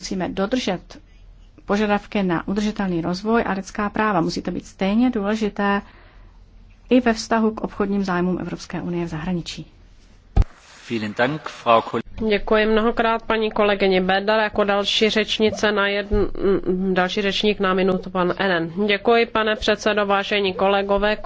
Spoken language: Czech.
musíme dodržet požadavky na udržitelný rozvoj a lidská práva. Musí to být stejně důležité i ve vztahu k obchodním zájmům Evropské unie v zahraničí. Děkuji mnohokrát paní kolegyni Bedar. Jako další řečnice na jedn, další řečník na minutu pan Enen. Děkuji, pane předsedo, vážení kolegové.